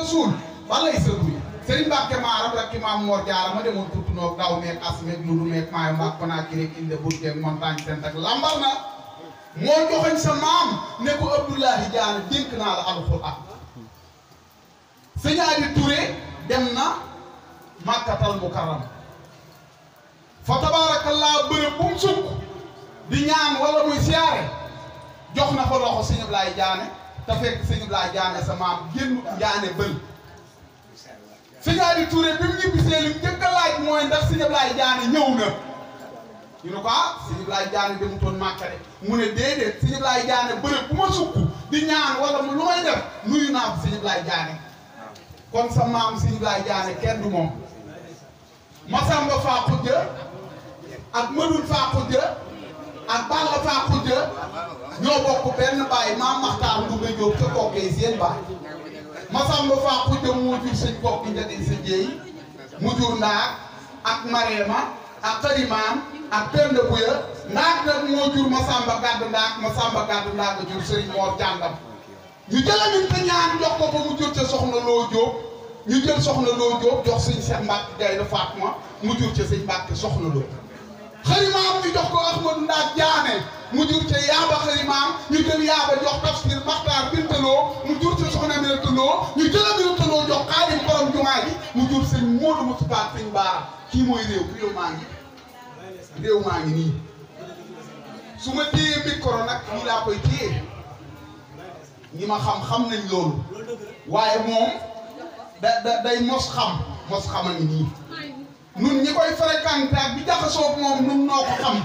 rasul ba lay sa duy sëriñ Mbàkke maaram rek ki maam Moor Jaara ma demoon tuuti noog daw meeg as meeg lu lu meeg maayo mbaa konaaki rek inde burteeg montagne seen tak lambar na moo joxoñ sa maam ne ko Abdoulahi Jaara dénk naa la alxuraan sëñ Abi Touré dem na màkkatal mukarram fa tabaarakallaa bërëb bu mu sukk di ñaan wala muy siyaare jox na fa loxo sëñ Ablaye Jaane te fekk sëñ Ablaye Diané sa maam génn Diané bël sëñ Aliou bi mu ñibbisee li mu njëkk a laaj mooy ndax sëñ Ablaye Diané ñëw na ñu ne ko ah sëñ Ablaye Diané demutoon de mu ne déedéet sëñ Ablaye Diané bërëb bu ma sukk di ñaan wala mu lu may nuyu naa ko sëñ Ablaye Diané kon sa maam sëñ Ablaye Diané kenn du moom Masamba Fakujja ak Madul Fakujja ak Balla Fakujja ñoo bokk benn baay maam Maxtaar Ndumbe Jóob ca kokkee seen baay Masamba Faaxu jëm moo jur sëñ kokki njëriñ sa jéey mu jur ndaag ak Mareema ak Xarimaam ak Penda Buya ndaag nag moo jur Masamba gàddu ndaag Masamba gàddu ndaag a jur sëriñ Moor Jàngam ñu jëlamin te ñaan jox ko mu jur ca soxna Loo Jóob ñu jël soxna Loo Jóob jox sëñ Seex Mbàkke Gaynde Faatma mu jur ca sëñ Mbàkke soxna Loo Xarimaam ñu jox ko Ahmadu Ndaag Jaane mu jur ca yaaba xalimaam ñu jël yaaba jox tafsir maxtaar bintaloo mu jur ca soxna mi taloo ñu jëla mi taloo jox xaadim borom jumaa ji mu jur sëñ Moodu Mustafaa sëñ Baara kii mooy réew réew maa ngi réew maa ngi nii su ma téye micro nag ñi laa koy téye ñi ma xam xam nañ loolu waaye moom da da day mos xam mos xam a ngi nii nun ñi koy fréquenté ak bi jaxasoo moom nun noo ko xam